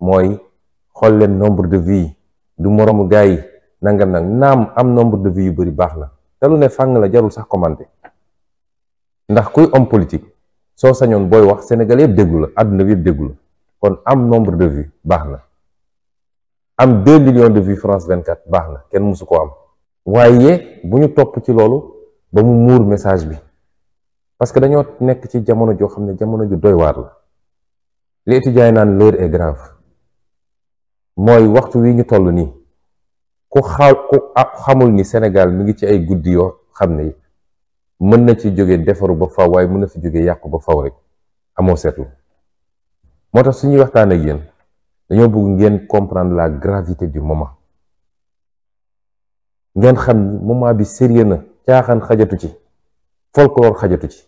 mooy xool leen nombre de vie du moroomu gars yi nangam nag naam am nombre de vie yu bari baax na te lu ne fàng la jarul sax commenté ndax kuy homme politique soo sañoon booy wax Sénégal yëpp déglu la àdduna bi yëpp déglu la kon am nombre de vues baax na am deux millions de vues France 24 baax na kenn mësu ko am waaye bu ñu topp ci loolu ba mu muur message bi parce que dañoo nekk ci jamono joo xam ne jamono ju doy waar la li étudiants yi naan l'heure est grave mooy waxtu wi ñu toll nii ku xa ku xamul ni Sénégal mu ngi ci ay guddi yoo xam ne mën na ci jóge defaru ba faw waaye mën na fi jóge yàqu ba faw rek amoo seetlu moo tax suñuy waxtaan ak yéen dañoo bëgg ngeen comprendre la gravité du moment ngeen xam ni moment bi sérieux na caaxaan xajatu ci folklore xajatu ci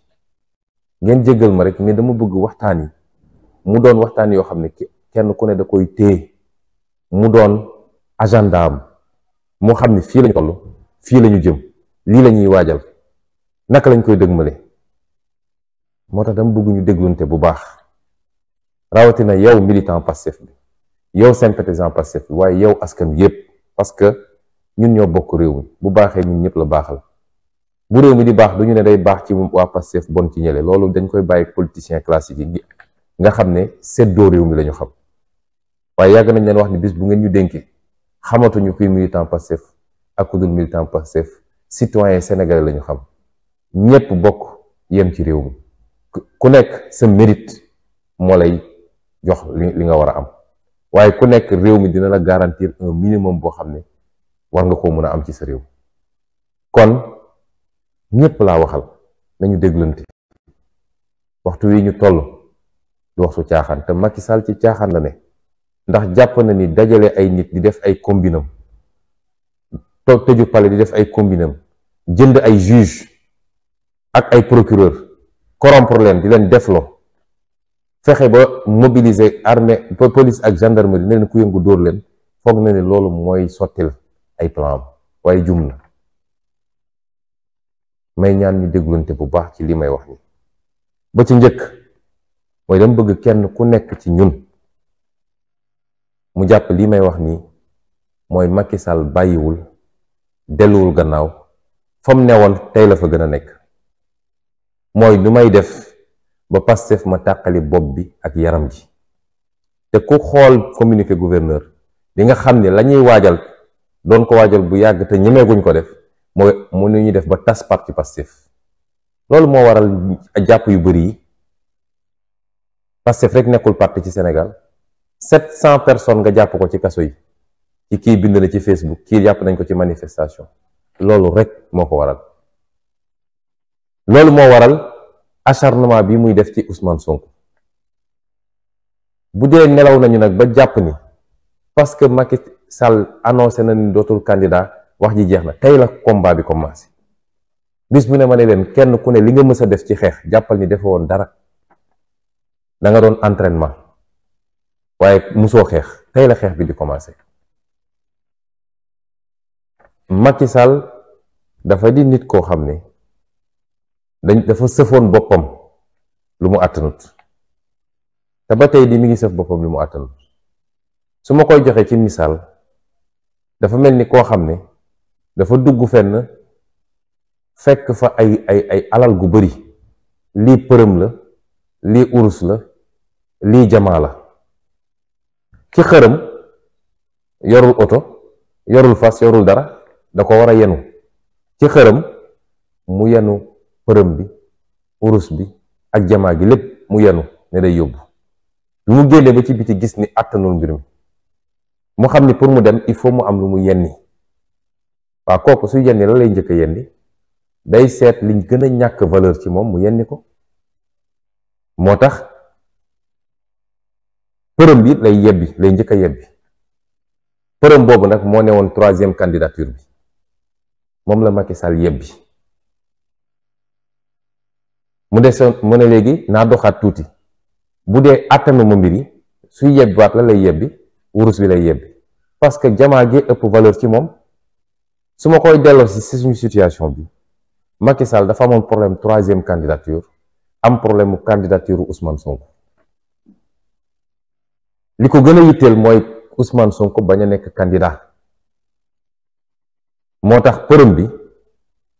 ngeen jéggal ma rek mais dama bëgg waxtaan yi mu doon waxtaan yoo xam ne kenn ku ne da koy téye mu doon agenda am moo xam ni fii lañu toll fii la ñu jëm lii la ñuy waajal naka lañ koy dëgmale moo tax dama bëgg ñu déglunte bu baax rawatina yow militant Pastef bi yow sympathisant Pastef bi waaye yow askan wi yëpp parce que ñun ñoo bokk réew mi bu baaxee ñun ñëpp la baaxal bu réew mi di baax du ñu ne day baax ci waa Pastef bon ci ñële loolu dañ koy bàyyi politicien classique yi nga xam ne seddoo réew mi la ñu xam waaye yàgg nañ leen wax ni bis bu ngeen ñu dénkee xamatuñu kuy militant Pastef ak ku dul militant Pastef citoyen sénégalais la ñu xam ñépp bokk yem ci réew mi ku nekk sa mérite moo lay jox li nga war a am waaye ku nekk réew mi dina la garantir un minimum boo xam ne war nga koo mën a am ci sa réew kon ñépp laa waxal nañu déglante waxtu wi ñu toll du wax su caaxaan te Macky ci caaxaan la ne ndax jàpp na ni dajale ay nit di def ay combinam toog tëju palais di def ay combinam jënd ay juge ak ay procureur corrompre leen di leen deflo fexe ba mobiliser armée police ak gendarmerie ne leen ku yëngu dóor leen foog na ne loolu mooy sottil ay plan am waaye jum na may ñaan ñu déglunte bu baax ci li may wax ni ba ci njëkk mooy dama bëgg kenn ku nekk ci ñun mu jàpp lii may wax nii mooy Macky Sall bàyyiwul delluwul gannaaw fa mu newoon tey la fa gën a nekk mooy lu may def ba Pastef ma tàqali bopp bi ak yaram ji te ku xool communiqué gouverneur bi nga xam ne la ñuy waajal doon ko waajal bu yàgg te ñemeeguñ ko def mooy mu nu ñuy def ba tas parti Pastef loolu moo waral jàpp yu bëri yi Pastef rek nekkul parti ci Sénégal sept cent personnes nga jàpp ko ci kaso yi ci kii bind na ci Facebook kii jàpp nañ ko ci manifestation loolu rek moo ko waral loolu moo waral acharnement bi muy def ci Ousmane Sonko bu dee nelaw nañu nag ba jàpp ni parce que Macky Sall annoncé na ni dootul candidat wax ji jeex na tey la combat bi commencé bis bu ne ma ne leen kenn ku ne li nga mës a def ci xeex jàppal ni defe woon dara da nga doon entrainement waaye musoo xeex tey la xeex bi di commencé Macky Sall dafa di nit koo xam ne dañ dafa sëfoon boppam lu mu àttanut te ba tey di mi ngi sëf boppam lu mu àttanut su ma koy joxee ci misaal dafa mel ni koo xam ne dafa dugg fenn fekk fa ay ay ay alal gu bari lii përëm la lii urus la lii jamaa la ki xërëm yorul oto yorul fas yorul dara da ko war a yenu ci xërëm mu yenu përëm bi urus bi ak jamaa gi lépp mu yenu ne day yóbbu bi mu génnee ba ci biti gis ni àttanul mbir mi mu xam ni pour mu dem il faut mu am lu mu yenni waa kooku su yenni la lay njëkk a yenni day seet liñ gën a ñàkk valeur ci moom mu yenni ko moo tax përëm bi lay yebbi lay njëkk a yebbi përëm boobu nag moo woon troisième candidature bi moom la Macky Sall yebbi mu desoon mu ne léegi naa doxaat tuuti bu dee attanu ma mbir yi su yebbiwaat la lay yebbi wurus bi lay yebbi parce que jamaa gi ëpp valeur ci moom su ma koy delloo si suñu situation bi Macky Sall dafa amoon problème troisième candidature am problème mu candidature Ousmane Sonko. li ko gën a yitteel mooy Ousmane Sonko bañ a nekk candidat moo tax përëm bi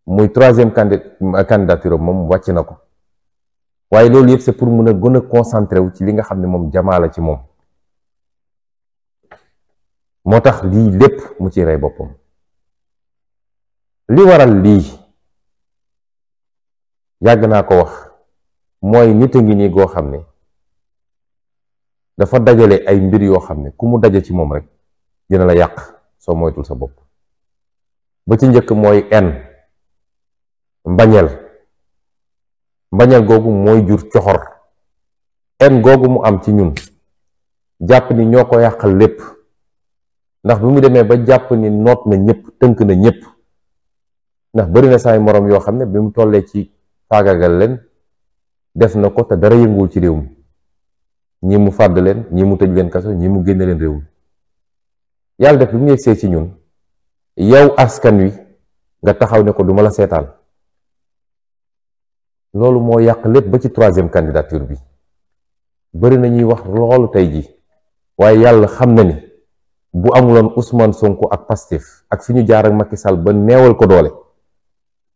muy troisième candidature moom wàcc na ko waaye loolu yëpp c'est pour mun a gën a concentré wu ci li nga xam ne moom jamaa la ci moom moo tax lii lépp mu ci rey boppam li waral lii yàgg naa ko wax mooy nit a ngi nii goo xam ne dafa dajale ay mbir yoo xam ne ku mu daje ci moom rek dina la yàq soo moytul sa bopp ba ci njëkk mooy en mbañeel mbañeel googu mooy jur coxor en googu mu am ci ñun jàpp ni ñoo ko yàqal lépp ndax bi mu demee ba jàpp ni noot na ñëpp tënk na ñëpp ndax bari na saay moroom yoo xam ne bi mu tollee ci faagagal leen def na ko te dara yënguwul ci réew mi ñi mu fàdd leen ñii mu tëj leen kaso ñi mu génne leen réew yàlla def bi mu yegsee ci ñun yow askan wi nga taxaw ne ko du ma la seetaan loolu moo yàq lépp ba ci troisième candidature bi bëri na ñuy wax loolu tey ji waaye yàlla xam na ni bu amuloon Ousmane Sonko ak pastif ak fi ñu jaar ak Macky sal ba neewal ko doole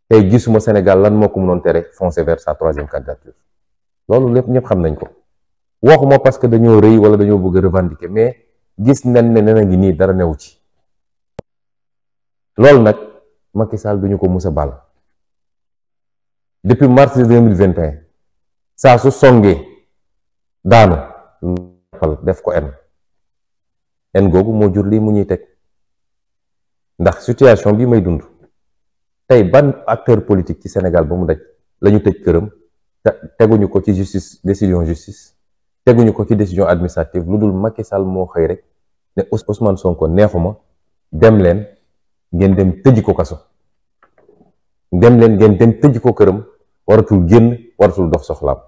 tey gisuma Sénégal lan moo ko mënoon tere foncer vers sa troisième candidature loolu lépp ñëpp xam nañ ko waxuma parce que dañoo rëy wala dañoo bëgg a revendiquer mais gis nañ ne nena ngi nii dara newu ci loolu nag Macky Sall duñu ko mus a bal depuis mars deux mille vingt et un saa su songee daanu def ko en en googu moo jur lii mu ñuy teg ndax situation bi may dund tey ban acteur politique ci Sénégal ba mu daj lañu ñu tëj këram te teguñu ko ci justice décision justice teguñu ko ci décision administrative lu dul Macky Sall moo xëy rek ne Ousmane Sonko neexuma dem leen ngeen dem tëj ko kaso dem leen ngeen dem tëj ko këram waratul génn waratul dox soxlaam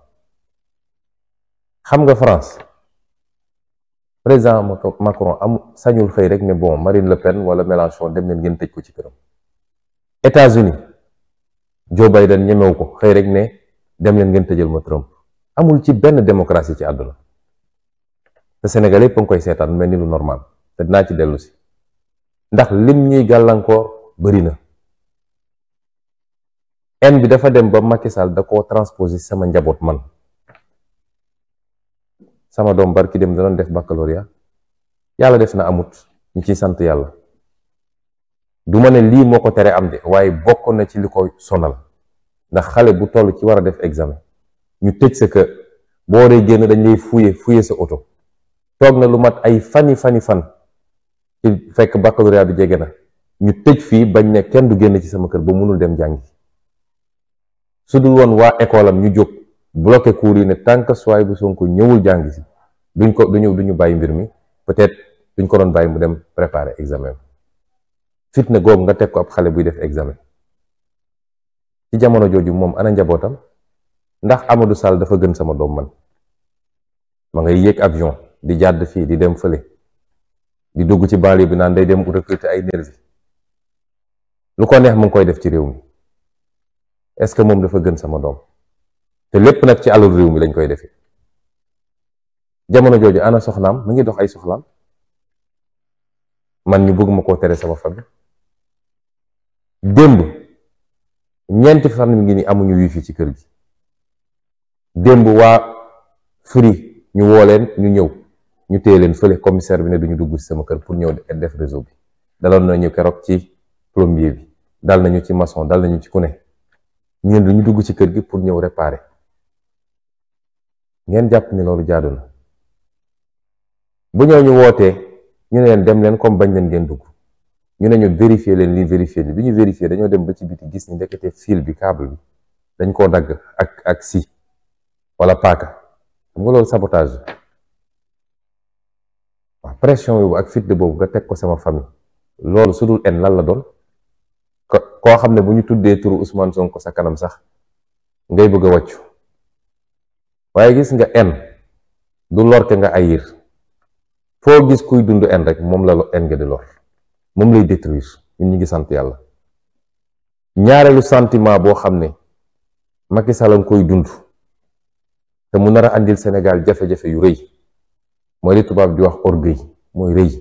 xam nga France président Macron am sañul xëy rek ne bon Marine Le Pen wala Mélenchon dem leen ngeen tëj ko ci këram États-Unis Joe Biden ñemewu ko xëy rek ne dem leen ngeen tëjal ma Trump amul ci benn démocratie ci àdduna te Sénégal yëpp a koy seetaan mel ni lu normal te dinaa ci dellu si ndax lim ñuy gàllankoor bëri na haine bi dafa dem ba Macky Sall da ko transposé sama njaboot man sama doom barki dem da doon def baccalauréat yàlla def na amut ñu ciy sant yàlla du ma ne lii moo ko tere am de waaye bokk na ci li ko la ndax xale bu toll ci war a def examen ñu tëj sa kër boo dee génn dañ lay fouiller fouiller sa oto toog na lu mat ay fani fani fan ci fekk baccalauréat bi jege na ñu tëj fii bañ ne kenn du génn ci sama kër ba mënul dem jàngi su dul woon waa école am ñu jóg bloqué cours yi ne tant que suwaay bu Sonko ñëwul jàngi si duñ ko duñu duñu bàyyi mbir mi peut-être duñ ko doon bàyyi mu dem préparer examen fitna googu nga teg ko ab xale buy def examen ci jamono jooju moom ana njabootam ndax Amadou Sall dafa gën sama doom man ma ngay yéeg avion di jàdd fii di dem fële di dugg ci banlieue bi naan day dem recruter ay nervi lu ko neex mu ngi koy def ci réew mi est-ce que moom dafa gën sama doom te lépp nag ci alalu réew mi lañ koy defee jamono jooju ana soxnaam mu ngi dox ay soxlaam man ñu bëgg ma koo tere sama famille démb ñeenti fan mu ngi ni amuñu wifi ci kër gi démb waa Free ñu woo leen ñu ñëw ñu téye leen fële commissaire bi ne ñu dugg ci sama kër pour ñëw def réseau bi daloon nañu keroog ci plombier bi dal nañu ci maçon dal nañu ci ku ne ñun duñu dugg ci kër gi pour ñëw repare ngeen jàpp ni loolu jaadu na bu ñëw ñu wootee ñu ne dem leen comme bañ leen ngeen dugg ñu ne ñu vérifier leen li vérifier li bi ñu vérifier dañoo dem ba ci biti gis ni ndekete fil bi câble bi dañ koo dagg ak ak si wala paaka xam nga loolu sabotage waaw pression yoobu ak fit boobu nga teg ko sama famille loolu su dul en lan la doon koo xam ne bu ñu tuddee turu Ousmane Sonko sa kanam sax ngay bëgg a wàccu waaye gis nga en du lor ke nga ayir foo gis kuy dund en rek moom la en nga di lor moom lay détruire ñu ngi sant yàlla ñaareelu sentiment boo xam ne Macky Sall a ngi koy dund te mu nar a andil Sénégal jafe-jafe yu rëy mooy li tubaab di wax orgueil mooy rëy